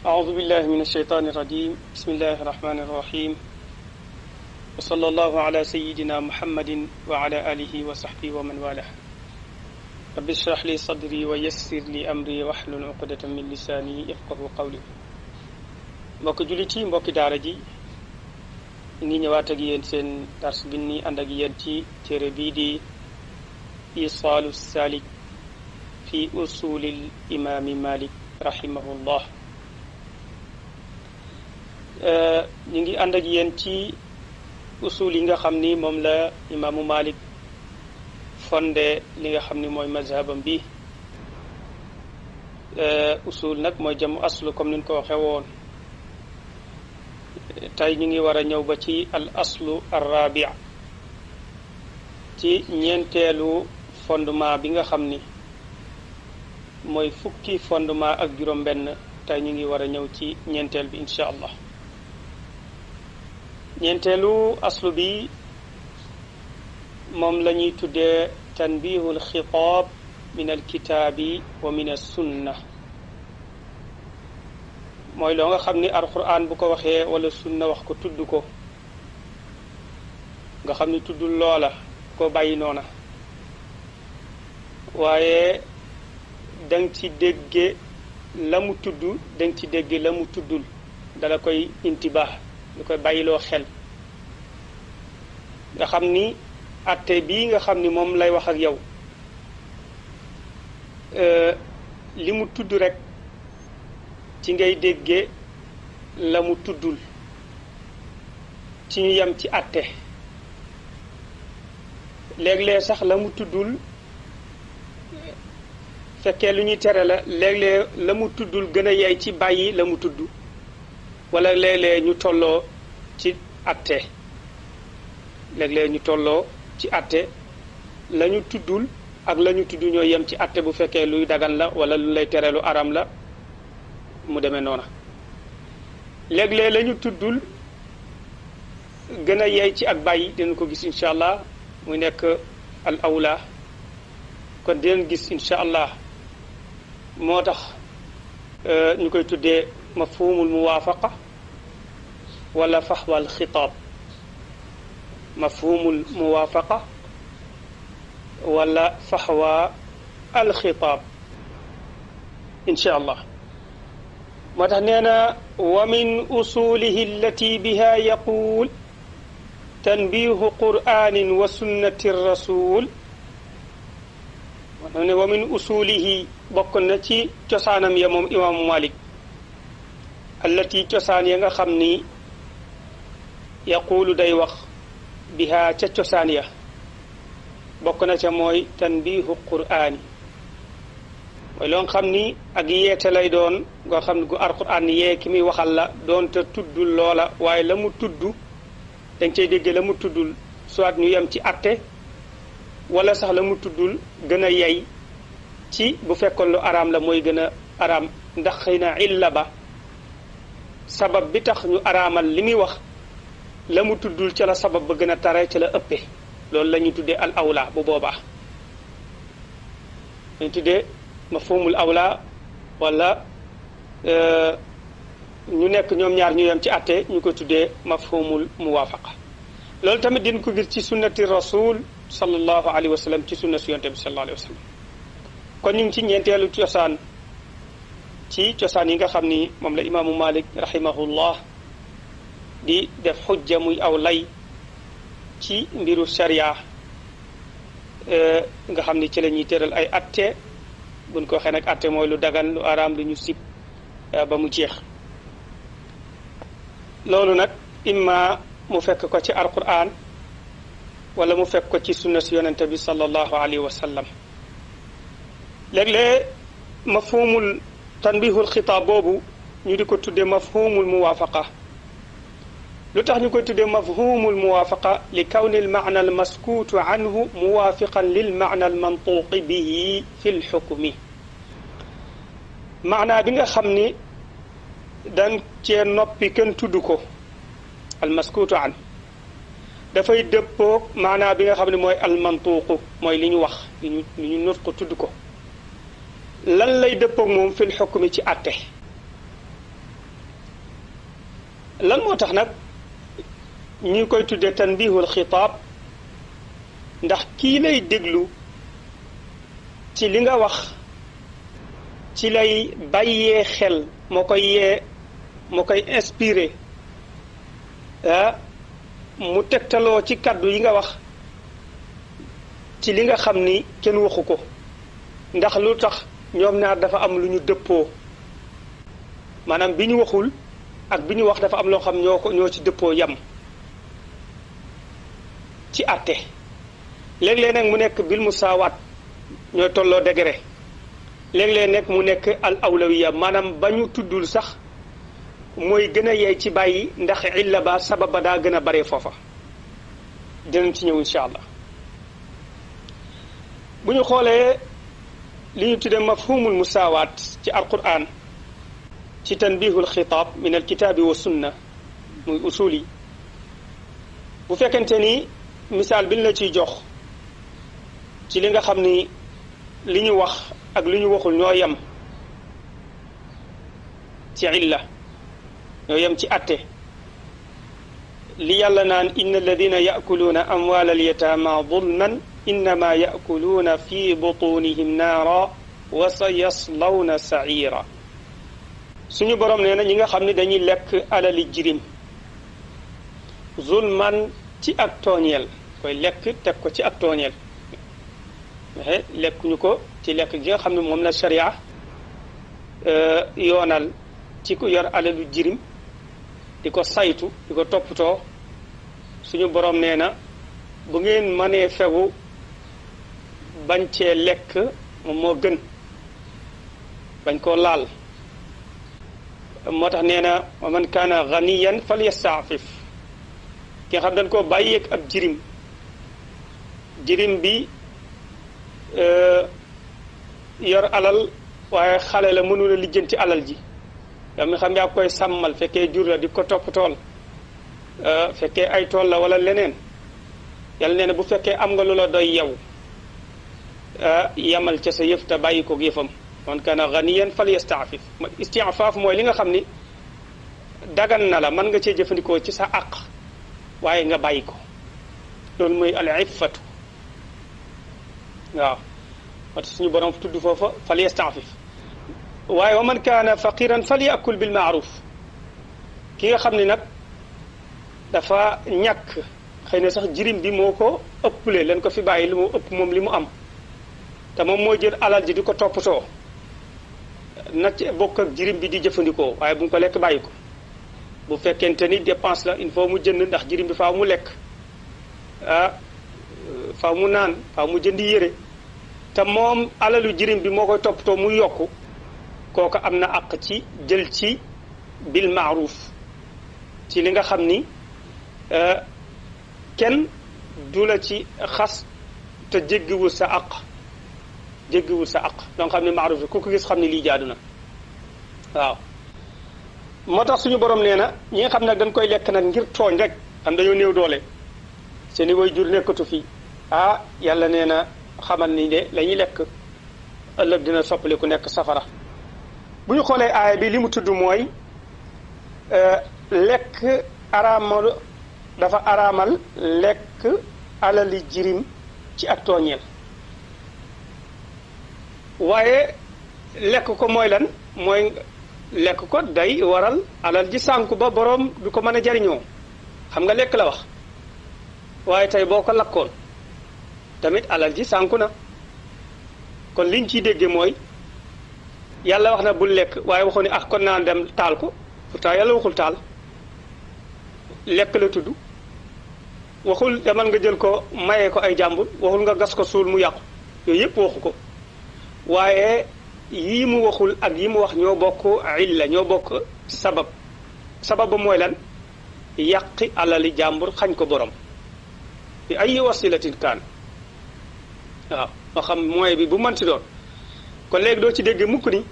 أعوذ بالله من الشيطان الرجيم بسم الله الرحمن الرحيم وصلى الله على سيدنا محمد وعلى آله وصحبه ومن والاه رب اشرح لي صدري ويسر لي أمري واحلل عقدة من لساني يفقه قولي بوك جوليتي بوك دارجي ني نيواتك ينسن درس بني عندك ينتي تربيدي إيصال السالك في أصول الإمام مالك رحمه الله Euh, ñu ngi ànd ak yéen ci usul yi nga xam ni moom la imaamu Malik fonde li nga xam ni mooy mazhabam bi euh, usul nag mooy jëm aslu comme niñ ko waxee woon tey ñu ngi war a ñëw ba ci al aslu arrabia ci ñeenteelu fondement bi nga xam ni mooy fukki fondement ak juróom benn tey ñu ngi war a ñëw ci ñeenteel bi incha allah ñeenteelu aslu bi moom la ñuy tuddee tanbihul xitaab min alkitaabi wa min assunna mooy loo nga xam ni alquran bu ko waxee wala sunna wax ko tudd ko nga xam ni tuddul loola ko bàyyi noona waaye dang ci dégge la mu tudd dang ci dégge la mu tuddul dala koy intibaax ñu koy bàyyiloo xel nga xam ni atte bii nga xam ni moom lay wax ak yow euh, li mu tudd rekk ci ngay déggee la mu tuddul ci ñu yem ci atte léeg sax la mu tuddul fekkee lu ñuy tere la léeg la mu tuddul gën a yey ci bàyyi la mu tudd wala léeg-léeg ñu tolloo ci atte léeg-léeg ñu tolloo ci atte la ñu tuddul ak lañu ñu tudd ñoo yem ci atte bu fekkee luy dagan la wala lu lay tere lu aram la mu demee noona léeg-léeg la ñu tuddul gën a yey ci ak bàyyi dinañ ko gis incha allah muy nekk al awla kon dinañ gis incha allah moo tax euh, ñu koy tuddee مفهوم الموافقة ولا فحوى الخطاب مفهوم الموافقة ولا فحوى الخطاب إن شاء الله مدهننا ومن أصوله التي بها يقول تنبيه قرآن وسنة الرسول ومن أصوله بقنتي جسانا يا إمام مالك allati cosaan ya nga xam ni yaquulu day wax bihaa ca cosaan ya bokk na ca mooy tanbiihu quraani mooy loo xam ni ak yeete lay doon goo xam ne yee ki muy waxal la te tuddul loola waaye la mu tudd dañ cay dégg la mu tuddul soit ñu yem ci atte wala sax la mu tuddul gën a yey ci bu fekkoon lu araam la mooy gën a araam ndax xëy na illa ba sabab bi tax ñu araamal li muy wax la mu tuddul ca la sabab ba gën a tare ca la ëppee loolu la ñu tuddee al awla bu boobaa dañu tuddee mafhumul awla wala euh, ñu nekk ñoom ñaar ñu yem ci àtte ñu ko tuddee mafhumul muwaafaqa loolu tamit din ko gis ci sunnati rasul sallallahu alayhi wa sallam ci sunna su yonte bi sallallahu alayhi wa sallam kon ñu ngi ci ñeenteelu cosaan ci cosaan yi nga xam ni moom la imaamu malik rahimahullah di def xujja muy aw lay ci mbiru sharia e, nga xam ni ci la ñuy tëral ay atte buñ ko nag atte mooy lu dagan lu araam lu ñu sib e, ba mu jeex loolu nag imma mu fekk ko ci alquran wala mu fekk ko ci sunna si yonente bi sallallahu alayhi wa sallam تنبيه الخطاب بوبو نيديكو تودي مفهوم الموافقه لو لوتاخ نيكو تودي مفهوم الموافقه لكون المعنى المسكوت عنه موافقا للمعنى المنطوق به في الحكم معنى بيغا خامني دان تي نوبي كن تودوكو المسكوت عنه دا فاي ديبو معنى بيغا خامني موي المنطوق موي لي ني واخ ني نوتكو تودوكو lan lay dëppoog moom fil xukmi ci àtte lan moo tax nag ñu koy tuddee tanbihul xitaab ndax kii lay déglu ci li nga wax ci lay bàyyee xel moo koy yee moo koy inspiré ah mu tegtaloo ci kàddu yi nga wax ci li nga xam ni kenn waxu ko ndax lu tax ñoom ñaar dafa am lu ñu dëppoo maanaam bi ñu waxul ak bi ñu wax dafa am loo xam ñoo ko ñoo ci dëppoo yam ci àtte léeg-léeg nag mu nekk bil musaawaat ñooy tolloo degré léeg-léeg nag mu nekk al awlawiya maanaam ba ñu tuddul sax mooy gën a yey ci bàyyi ndax illa ba sabab ba daa gën a bare foofa dinañ ci ñëw incha allah bu ñu xoolee li ñu tudde mafhumul musaawaat ci alquran ci tanbihul xitaab min alkitaabi wa sunna muy usul yi bu fekkente ni misaal bin la ciy jox ci li nga xam ni li ñu wax ak li ñu waxul ñoo yem ci illa ñoo yem ci atte li yàlla naan inna alladina yakuluuna amwaala alyataama dulman innama yakuluuna fi butunihim naara wa sa yaslawna saira suñu borom nee na ñi nga xam ne dañuy lekk alali jirim zulman ci ak tooñeel koy lekk teg ko ci ak tooñeel waxe lekk ñu ko ci lekk gi nga xam ne moom la sharia e, yoonal ci ku yor alalu jirim di ko saytu di ko toppatoo suñu borom nee na bu ngeen manee fegu bañ cee lekk moo gën bañ koo laal moo tax nee na wa man kaana ganiyan fal yastaafif ki nga xam dañ koo bàyyeeg ab jirim jirim bi e, yor alal waaye xale la mënula lijjanti alal ji yow mi xam yaa koy sàmmal fekkee jur la di ko topp tool fekke ay tool la wala leneen yàlla nee na bu fekkee am nga lu la doy yow yamal ca sa yëf te bàyyi ko yëfam man kana ganiyan fal yastaafif istiafaaf mooy li nga xam ni dagan na la man nga cee jëfandikoo ci sa àq waaye nga bàyyi ko loolu mooy al iffatu waaw wat suñu borom tudd foofa fal yastaafif waaye wa man kana faqiran fal yakul bil ki nga xam ni nag dafa ñàkk xëy na sax jirim bi moo ko ëppale leen ko fi bàyyi li mu ëpp moom li mu am te moom moo jël alal ji di ko toppatoo na ci bokk jirim bi di jëfandikoo waaye bu mu ko lekk bàyyi ko bu fekkente ni dépense la il faut mu jënd ndax jirim bi faaw mu lekk ah faaw mu naan faaw mu jënd yére te moom alalu jirim bi moo koy toppatoo mu yokk kooku am na àq ci jël ci bil maaruf ci li nga xam ni Euh, kenn du la ci xas te jéggiwul sa aq jéggiwul sa aq donc xam ne maaruf ku ko gis xam ne lii jaadu na waaw moo tax suñu borom nee na ñi nga xam nag dañ koy lekk nag ngir tooñ rek am dañoo néew doole seeni way jur nekkatu fii ah yàlla nee na xamal ni de la lekk ëllëg dina soppali ku nekk safara bu ñu xoolee aaya bi li mu tudd mooy euh, lekk araam dafa araamal lekk alali jirim ci ak tooñeel waaye lekk ko mooy lan mooy lekk ko day waral alal ji sànku ba boroom du ko mën a jariñoo xam nga lekk la wax waaye tey boo ko lakkoon tamit alal ji sànku na kon liñ ciy dégge mooy yàlla wax na bul lekk waaye waxu ne ah kon naa dem taal ko pourtant yàlla waxul taal lekk la tudd waxul demal nga jël ko maye ko ay jàmbur waxul nga gas ko suul mu yàqu yooyu yépp waxu ko waaye yii mu waxul ak yi mu wax ñoo bokk illa ñoo bokk sabab sabab ba mooy lan yàqi alali jàmbur xañ ko boroom bi ay wasilatin kaan waaw moo xam mooy bi bu mënti doon kon léegi doo ci dégg mukk ni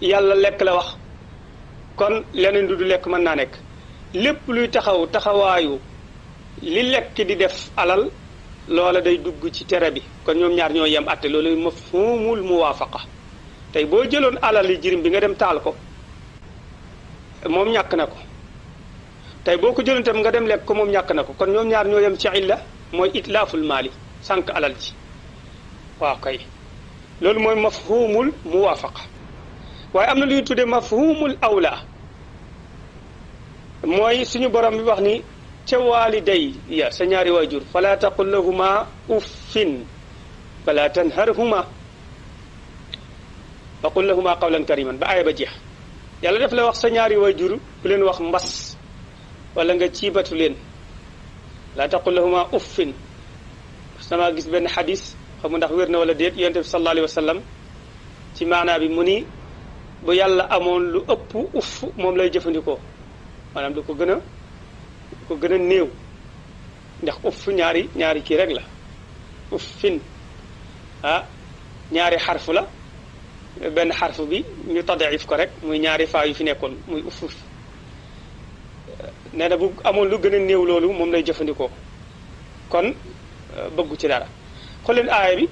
yàlla lekk la wax kon leneen du du lekk mën naa nekk lépp luy taxaw taxawaayu li lekk di def alal loola day dugg ci tere bi kon ñoom ñaar ñoo yem atte loolu mafhumul muwaafaqa tey boo jëloon alal yi jirim bi nga dem taal ko moom ñàkk na ko tey boo ko jëloon tam nga dem lekk ko moom ñàkk na ko kon ñoom ñaar ñoo yem ci illa mooy itlaaful maali sànq alal ji waaw kay loolu mooy mafhumul muwaafaqa waaye am na lu ñuy tuddee mafhumul awla mooy suñu borom bi wax nii ca waaliday ya sa ñaari waajur fala taqul lahuma uffin wala tanharhuma wa qul lahuma qawlan kariman ba aaya ba jeex yàlla def la wax sa ñaari waajur bu wax mbas wala nga ciibatu leen laa taqul lahuma uffin sama gis benn xadis xamu ndax wér na wala déet yonente bi sallallahu alayhi wa sallam ci maanaa bi mu ni bu yàlla amoon lu ëpp uff moom lay jëfandikoo maanaam lu ko gën a ko gën a néew ndax uf ñaari ñaari kii rekk la uf fin ah ñaari xarf la benn xarf bi ñu tadif ko rek muy ñaari faa yu fi nekkoon muy uf nee na bu amoon lu gën a néew loolu moom lay jëfandikoo kon euh, bëggu ci dara xool aaya bi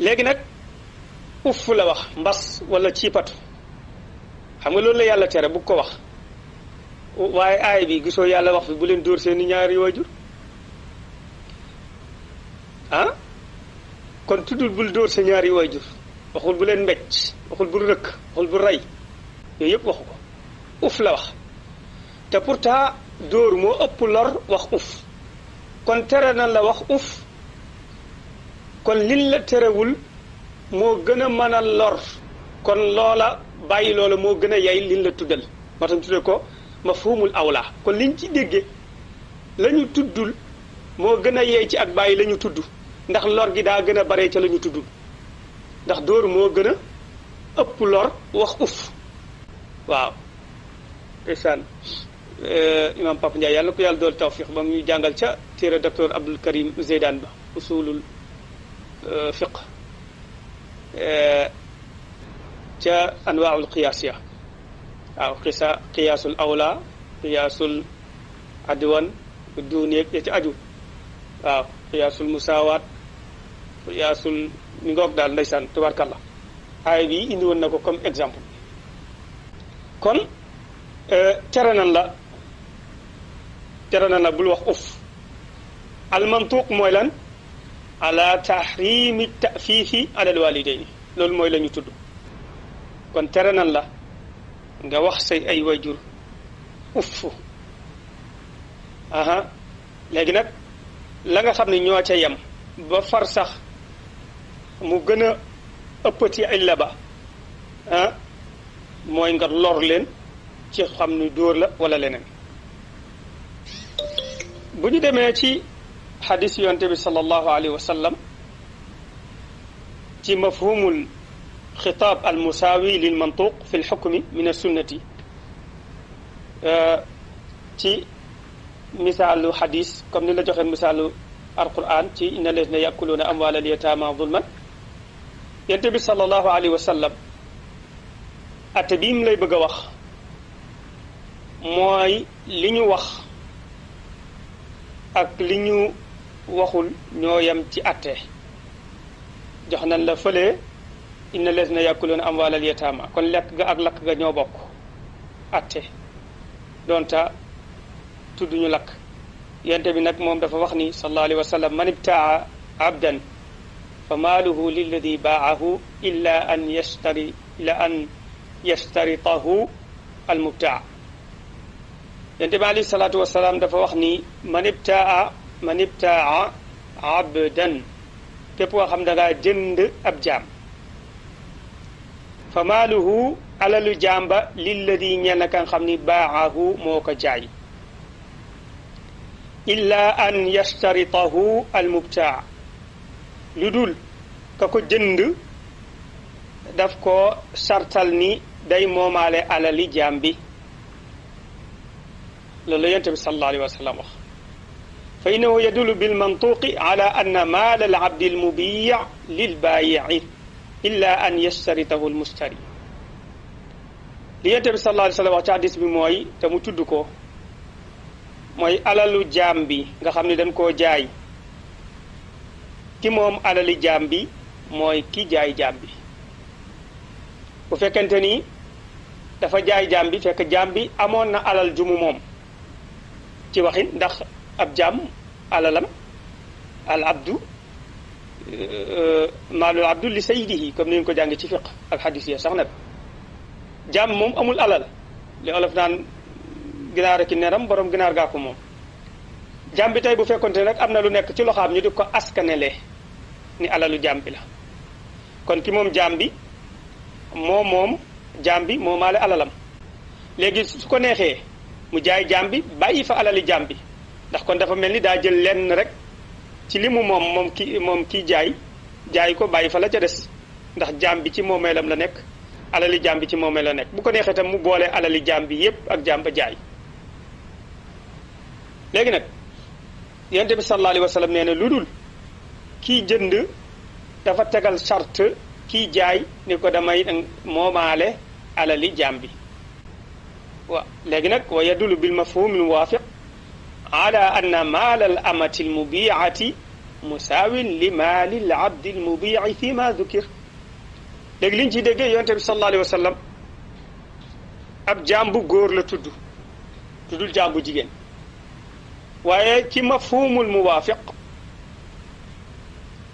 léegi nag uff la wax mbas wala ciipatu xam nga loolu la yàlla tere bu ko wax waaye aay bi gisoo yàlla wax fi bu leen dóor seeni ñaari waajur ah kon tuddul bul dóor sa ñaari waajur waxul bu leen mbecc waxul bul rëkk waxul bul rey yooyu yëpp waxu ko uf la wax te pourtant dóor moo ëpp lor wax uf kon tere na la wax uf kon liñ la terewul moo gën a mën a lor kon loola bàyyi loola moo gën a yay liñ la tuddal moo tax ñu tuddee ko mafhumul awla kon liñ ci déggee la ñu tuddul moo gën a yeey ci ak bàyyi lañu ñu tudd ndax lor gi daa gën a bare ca la ñu tuddul ndax dóor moo gën a ëpp lor wax uf waaw ndeysaan euh, imam Papa Ndiaye yàlla na ko yàlla dool tawfiq ba mu ñu jàngal ca téere docteur Abdul Karim Zeydaan ba usulul euh, fiq euh, ca anwaaul qiyaas ya waaw xisa xiyaasul awla xiyaasul adwan duuni yeeg ya ci aju waaw xiyaasul musaawaat xiyaasul mi ngoog daal ndeysaan tubaarkàlla aay bi indi woon na ko comme exemple kon e, tere nan la tere nan la bulwax wax uf almantuq mooy lan ala tahrimi tafifi alal walidayni loolu mooy la ñu tudd kon tere nan la nga wax say ay waajur ufu aha léegi nag la nga xam ne ñoo ca yem ba far sax mu gën a ëppati illa ba ah mooy nga lor leen ci xam ni dóor la wala leneen bu ñu demee ci xadis yonte bi sallallahu alayhi wa sallam ci mafhumul خطاب المساوي للمنطوق في الحكم من السنة آه، تي مثال حديث كم نلا جوخن مثال القرآن تي إن الذين يأكلون أموال اليتامى ظلما ينتبه صلى الله عليه وسلم أتبيم لي بغا موي لي ني اك لي ني واخول نيو يام تي اتي inna lesna yàkkuloona amwaal al yataama kon lekk ga ak lakk ga ñoo bokk atte doonta tudd ñu lakk yente bi nag moom dafa wax ni sallallahu alayhi wa sallam man ibtaa abdan fa maaluhu lilladi baahu illa an yastari illa an yastaritahu al mubtaa yente bi alayhi salaatu wasalaam dafa wax ni man ibtaa man ibtaa abdan képp koo xam da ngaa jënd ab jaam فماله على الجامب للذي ينا كان خمني باعه موكا جاي إلا أن يشترطه المبتاع لدول كاكو جند دفكو شرطلني داي مومالي على الجامبي لولا ينتبه صلى الله عليه وسلم فإنه يدل بالمنطوق على أن مال العبد المبيع للبايع illa an yashtaritahu l mustari li yonent bi sallallahu alayhi wax ci hadis bi mooy te mu tudd ko mooy alalu jaam bi nga xam ni dañ koo jaay ki moom alali jaam bi mooy ki jaay jaam bi bu fekkente ni dafa jaay jaam bi fekk jaam bi amoon na alal jumu moom ci waxin ndax ab jaam alalam al abdu Euh, maalul abdu li sayyidihi comme ni ñu ko jàngee ci fiq ak xadis ya sax nag jaam moom amul alal li olof naan ginaar ak neram borom ginaar gaa ko moom jaam bi tey bu fekkonte ne rek am na lu nekk ci loxaam ñu di ko askanele ni alalu jaam bi la kon ki moom jaam bi moo moom jaam bi moo maale alalam léegi su ko neexee mu jaay jaam bi bàyyi fa alali jaam bi ndax kon dafa mel ni daa jël lenn rek ci li mu moom moom ki moom kii jaay jaay ko bàyyi fa la ca des ndax jaam bi ci moomeelam la nekk alali jaam bi ci moomeel la nekk bu ko neexee tam mu boole alali jaam bi yépp ak jaam ba jaay léegi nag yonent bi sallallahu lu dul kii jënd dafa tegal charte kii jaay ni ko damay moomaale alali jaam bi waaw léegi nag wa yadulu bil mafhumil muwaafiq ala anna maal al amati al mubiati musaawin li maali al abdi al mubii fi ma dukir léegi ab jaam bu góor la tudd tuddul jaam bu jigéen waaye ci mafhumul muwaafiq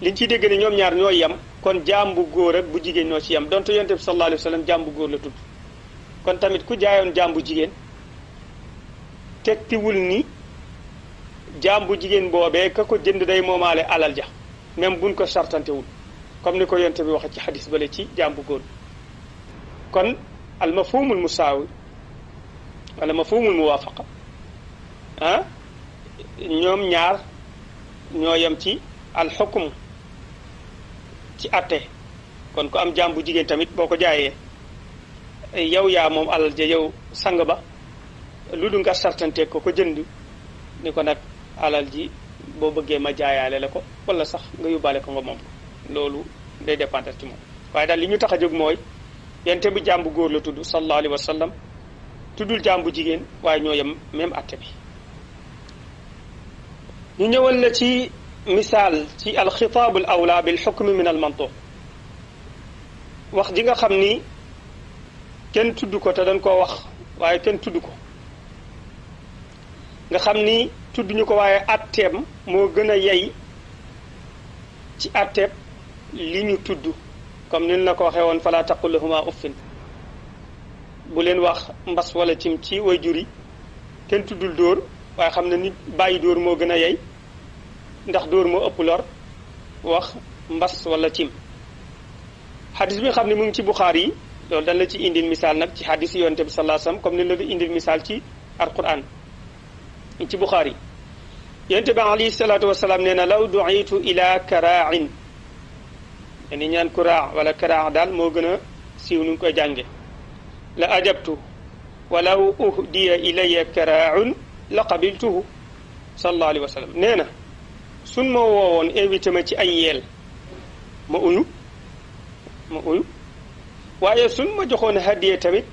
liñ ciy dégg ñoom ñaar ñoo yem kon jaam bu góor ak bu jigéen ñoo ci yem donte yonte bi sallallahu alayhi wa jaam bu góor la tudd kon tamit ku jaayoon jaam bu jigéen tegtiwul ni jaam bu jigéen boobee ka ko jënd day moomaale alal ja même buñ ko sartantewul comme ni ko yonte bi waxee ci xadis bale ci jaam bu góor kon al mafhumul musaawi wala mafhumul muwaafaqa ah ñoom ñaar ñoo yem ci al ci atte kon ku am jaam bu jigéen tamit boo ko jaayee yow yaa moom alal ja yow sang ba lu du nga sartante ko ko jënd ni ko nag alal ji boo bëggee ma jaayaale la ko wala sax nga yóbbaale ko nga moom ko loolu day dépendre ci moom waaye daal li ñu tax a jóg mooy yente bi jàmbu góor la tudd sallallahu alayhi wa sallam tuddul jàmbu jigéen waaye ñoo yem même atte bi ñëwal la ci misaal ci alxitaabu al awla bil xukmi min al wax ji nga xam ni kenn tudd ko te dañ koo wax waaye kenn tudd ko nga xam ni tudd ñu ko waaye atteem moo gën a yay ci atteeb li ñu tudd comme nin na ko waxee woon fala taqul lahuma uffin bu leen wax mbas wala cim ci way juri kenn tuddul dóor waaye xam na nit bàyyi dóor moo gën a yay ndax dóor moo ëpp lor wax mbas wala cim xadis bi nga xam ne mu ngi ci buxaar yi loolu dañ la ci indil misaal nag ci xadis yonte bi sallallahu comme ni la fi indil misaal ci alquran انت بخاري ينتبه علي الصلاة والسلام نينا لو دعيت إلى كراع يعني نيان كراع ولا كراع دال موغنا سيونو جانجي لا أجبت ولو أهدي إلي كراع لقبلته صلى الله عليه وسلم نينا سن مووون ايوي تمتي اييل ما اونو ما اونو وايه سن ما جخون هديه تمت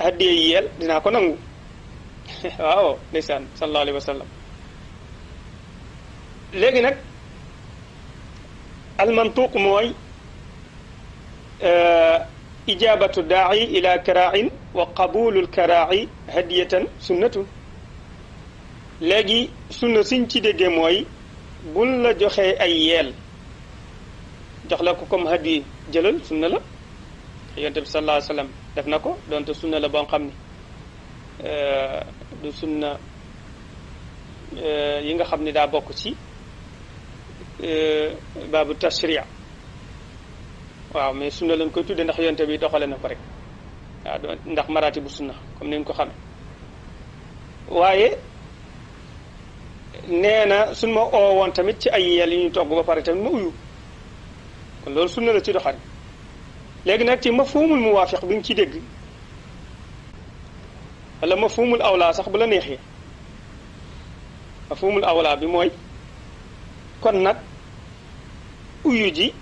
هديه ييل دينا كو نانغو waaw ndeysaan sallallahu alayhi wa sallam léegi nag almantuq mooy euh, ijaabatu daa'i ila karaa'in wa qabulul karaa'i hadiyatan sunnatu léegi sunna siñ ci déggee mooy bul la joxe ay yeel jox la ko kom hadiya jëlal sunna la yonte bi sallallahu def na ko donte sunna la boo xam ne euh, du sunna eh, yi nga xam ne daa bokk ci eh, baabu tashriya waaw mais sunna lañ koy tudde ndax yonte bi doxale na ko rek waaw ndax maraati bu sunna comme ni nga ko xame waaye nee na suñ ma oo woon tamit ci ay yel yi ñu togg ba pare tamit ma uyu kon loolu sunna la ci doxal léegi nag ci mafhumul muwaafiq bi ñu ci dégg wala mafhumul awlaa sax bu la neexee mafhumul awlaa bi mooy kon nag uyu ji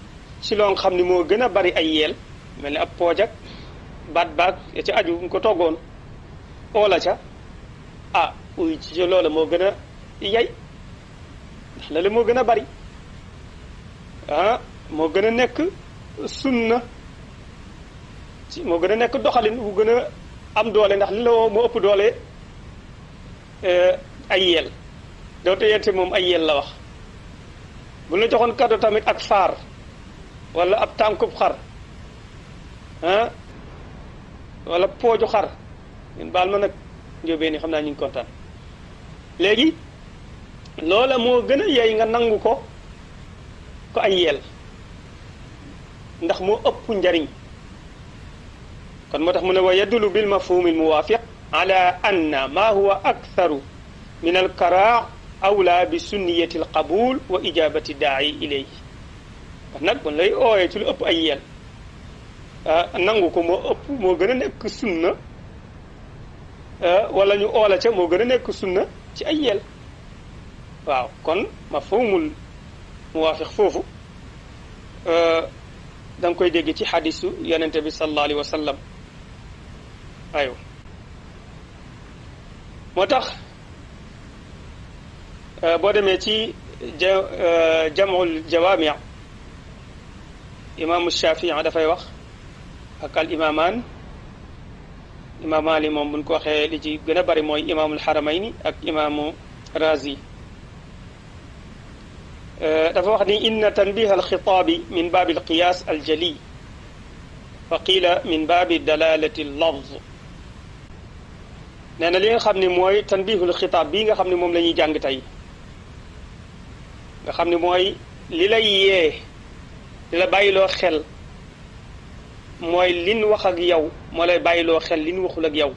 ci loo xam ni moo gën a bari ay yeel mel ni ab pooj baat baat ya ca aju nga ko toggoon oola ca ah uyu ji ci moo gën a yay ndax la la moo gën a bari ah, moo gën a nekk sunna ci moo gën a nekk doxalin wu gën a am doole ndax lo mo upp doole euh ay yel dootu yente mom ay yel la wax bu la joxone cadeau tamit ak faar wala ab tànkub xar hein wala poju xar ñun bal ma nak njóobee ni xamna ñu ngi kontaan léegi loola moo yey nga nangu ko ko ay yel ndax mo upp njariñ كان موتاخ مونا ويدل بالمفهوم الموافق على ان ما هو اكثر من الكراع اولى بسنيه القبول واجابه الداعي اليه نك بون لاي اوي تي لو اوب اي يال ا نانغوكو مو اوب مو غنا نيك سنه ا ولا ني اولا تي مو غنا نيك سنه تي اي واو كون مفهوم الموافق فوفو ا دانكوي ديغي تي حديث يونس بي صلى الله عليه وسلم ايوا موتاخ آه، بو ديمي آه، جمع الجوامع امام الشافعي دا فاي واخ اك الامامان امام علي موم بن واخي لي جي غنا بري موي امام الحرمين اك امام رازي آه، دا فا ان تنبيه الخطاب من باب القياس الجلي فقيل من باب دلاله اللفظ nee na li nga xam ne mooy tanbihul xitaab bii nga xam ne moom la ñuy jàng tey nga xam ni mooy li lay yee li la bàyyiloo xel mooy lin wax ak yow moo lay bàyyiloo xel li nu waxul ak yow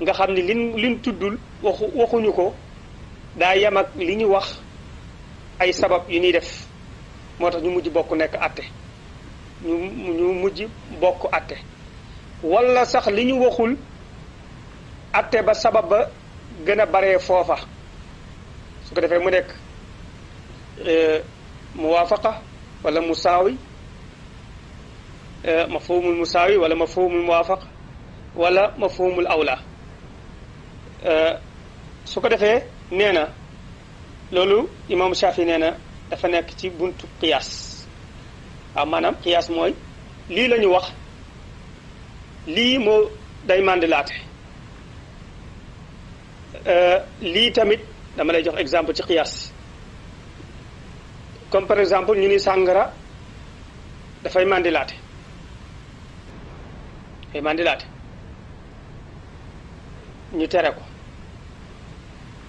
nga xam ni lin lin tuddul waxu waxuñu ko daa yem li ñu wax ay sabab yu ñuy def moo tax ñu mujj bokk nekk àtte ñu ñu mujj bokk àtte walla sax li ñu waxul atte ba sabab ba gën a baree foofa su ko defee mu nekk e, muwaafaqa wala musaawi e, mafhumul musaawi wala mafhumul muwaafaqa wala mafhumul awla e, su ko defee nee na loolu imam Shafi nee na dafa nekk ci buntu qiyaas waaw maanaam qiyaas mooy lii la ñu wax lii moo day mandilaate Euh, lii tamit dama lay jox exemple ci qiyaas comme par exemple ñu ni sàngara dafay mandilaate dafay mandilaate ñu tere ko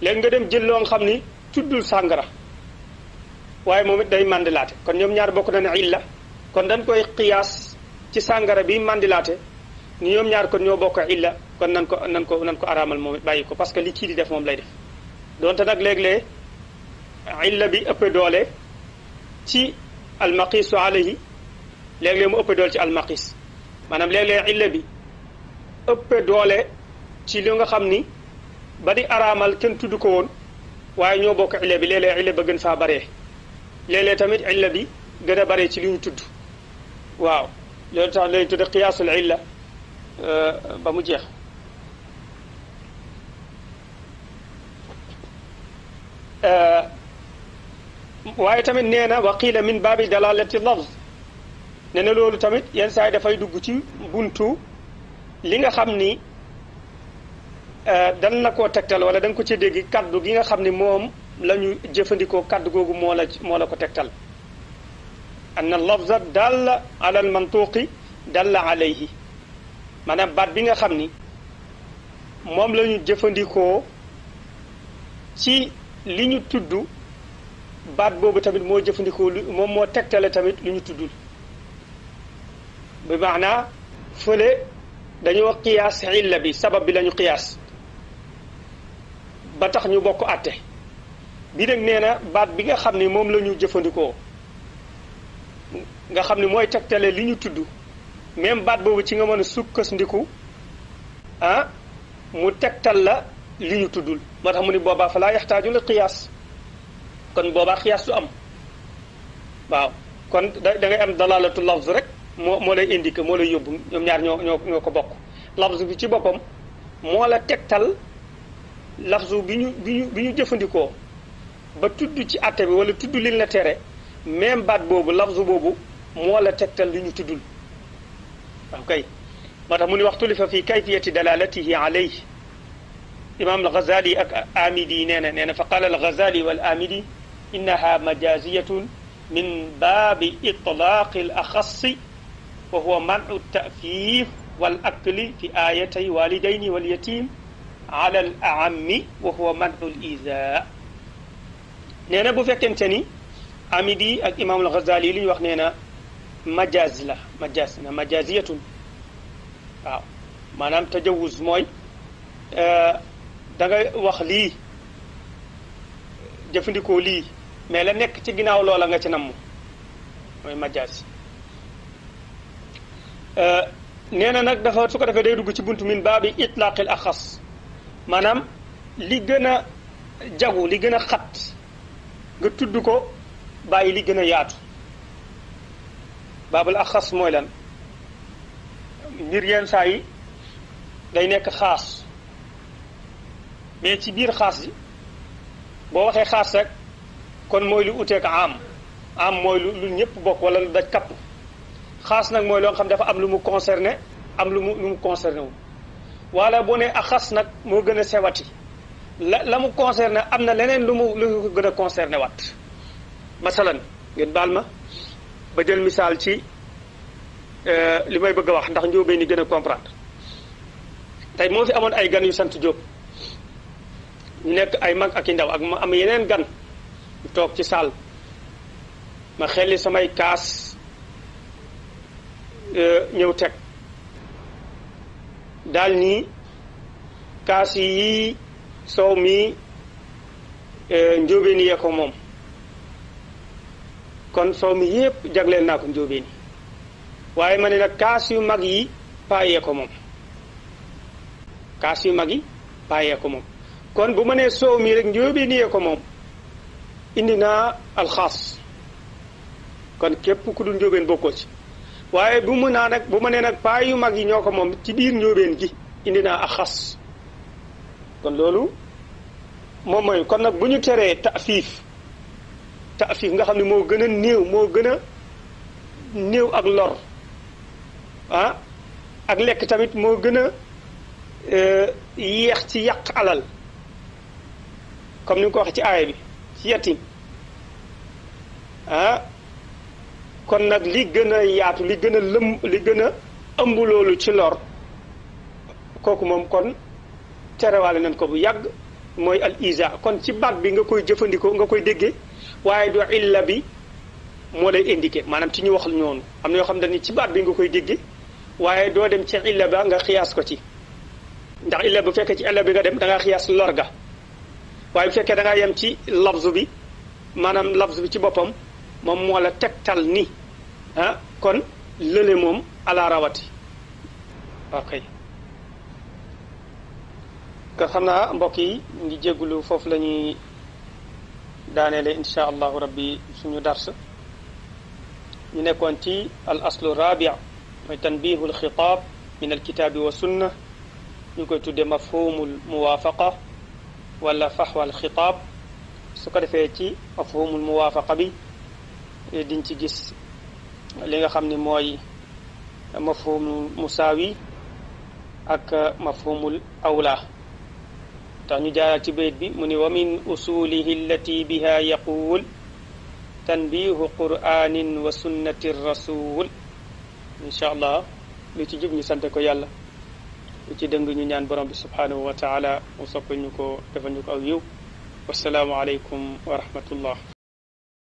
léegi nga dem jël loo xam ni tuddul sàngara waaye moom it day mandilaate kon ñoom ñaar bokk na a illa kon dañ koy qiyaas ci sàngara bi mandilaate ni ñoom ñaar kon ñoo bokk illa kon nan ko nan ko nan ko araamal moom it bàyyi ko parce que li kii di def moom lay def donte nag léeg-léeg illa bi ëpp doole ci almaqisu alayhi léeg-léeg mu ëpp doole ci almaqis maanaam léeg-léeg illa bi ëpp doole ci li nga xam ni ba di araamal kenn tudd ko woon waaye ñoo bokk illa bi léeg-léeg illa ba gën faa baree léeg-léeg tamit illa bi gën a baree ci li ñu tudd waaw loolu tax lañu tudd qiyaasul illa ba mu jeex Eh, waaye tamit nee na waqila min baabi dalalati lafz nee na loolu tamit yenn saa yi dafay dugg ci buntu li nga xam ni eh, dan na koo tegtal wala da ko ci dégg kaddu gi nga xam ni moom la ñu jëfandikoo kaddu googu moo la moo la ko tegtal anna lafza dalla ala al mantuqi dalla alayhi maanaam baat bi nga xam ni moom lañu jëfandikoo ci li ñu tudd baat boobu tamit moo jëfandikoo moom moo tegtale tamit lu ñu tudd bi maanaa fële dañoo qiyaas illa bi sabab bi lañu qiyaas ba tax ñu bokk àtte bi nag nee na baat bi nga xam ni moom lañu jëfandikoo nga xam ne mooy tegtale li ñu tudd même baat boobu ci nga mën a sukkandiku ah mu tegtal la yu ñu tuddul moo tax mu ni boobaa fa laa yaxtaaju la xiyaas kon boobaa xiyaas du am waaw kon da da ngay am dalalatu lafz rek moo moo lay indiqué moo lay yóbbu ñoom ñaar ñoo ñoo ñoo ko bokk lafz bi ci boppam moo la tegtal lafzu bi ñu bi ñu bi ñu jëfandikoo ba tudd ci àtte bi wala tudd liñ la tere même baat boobu lafzu boobu moo la tegtal li ñu tuddul waaw kay moo tax mu ni waxtu li fa fii kayfiyati dalalatihi alayhi imam al-ghazali ak amidi nee na nee na fa qala al-ghazali wal amidi innaha majaziyatun min baabi itlaaqi al-akhassi wa huwa man'u at-ta'fif wal akli fi ayatay walidayni wal yatim ala al-a'ammi wa huwa man'u al-iza nee na bu fekkente ni amidi ak imam al-ghazali li wax nee na majaaz la majaaz na majaaziyatun waaw maanaam tajawuz mooy da ngay wax lii jëfandikoo lii mais la nekk ci ginnaaw loola nga ci namm mooy majaas euh, nee na nag dafa su ko defee day dugg ci buntu min baa bi itlaaqil axas maanaam li gën a jagu li gën a xat nga tudd ko bàyyi li gën a yaatu baabul axas mooy lan mbir yenn saa yi day nekk xaas mais ci biir xaas ji boo waxee xaas nag kon mooy lu uteek am am mooy lu lu ñëpp bokk wala lu daj kapp xaas nag mooy loo xam dafa am lu mu concerné am lu mu lu mu concerné wu wala bu ne ak nag moo gën a sewati la la mu concerné am na leneen lu mu gën a concerné wat masalan ngeen baal ma ba jël misaal ci euh, li may bëgg a wax ndax njóobee ni gën a comprendre tey moo fi amoon ay gan yu sant Jóob ñu nekk ay mag ak i ndaw ak ma am yeneen gan toog ci saal ma xelli samay kaas euh, ñëw teg daal nii kaas yi soow mi euh, njóobeen yee ko moom kon soow mi yépp jagleel naa ko njóobeen waaye ma ne nag kaas yu mag yi paayee ko moom kaas yu mag yi paayee ko moom kon bu ma nee soow mii rek njóobee niyee ko moom indi naa alxaas kon képp ku dul njóobeen bokkoo ci waaye bu mu naa nag bu ma nee nag paa yu mag yi ñoo ko moom ci biir njóobeen gi indi naa axas kon loolu moom mooy kon nag bu ñu teree tafiif tafiif nga xam ne moo gën a néew moo gën a néew ak lor ah ak lekk tamit moo gën a euh, yéex ci yàq alal comme ni nga ko waxee ci aaya bi ci yetim ah kon nag li gën a yaatu li gën a lëm li gën a ëmb loolu ci lor kooku moom kon terewaale nañ ko bu yàgg mooy al isa kon ci baat bi nga koy jëfandikoo nga koy déggee waaye du illa bi moo lay indiqué maanaam ci ñu wax ñoonu am na yoo xam ne ci baat bi nga koy déggee waaye doo dem ci illa ba nga xiyaas ko ci ndax illa bu fekkee ci illa bi nga dem da nga xiyaas lor ga waaye bu fekkee da ngaa yem ci lafzu bi maanaam lafzu bi ci boppam moom moo la tegtal ni ah kon lële moom ala rawati ok ka xam naa mbokk yi ngi jéggulu foofu la ñuy daaneele insha allahu rabbi suñu dars ñu nekkoon ci al aslu rabia mooy tanbihu alxitaab min alkitaabi wa sunna ñu koy tudde mafhumul muwaafaqa ولا فحوى الخطاب سكر فيتي مفهوم الموافقة بي دين تجيس لغا خمني موي مفهوم المساوي أك مفهوم الأولى تاني جارة بيت بي من ومن أصوله التي بها يقول تنبيه قرآن وسنة الرسول إن شاء الله لتجيبني سنتكو يالله ci dëng ñu ñaan borom bi subhanahu wa taala mu soppi ñu ko defal ñu ko aw yiw wasalaamu wa rahmatullah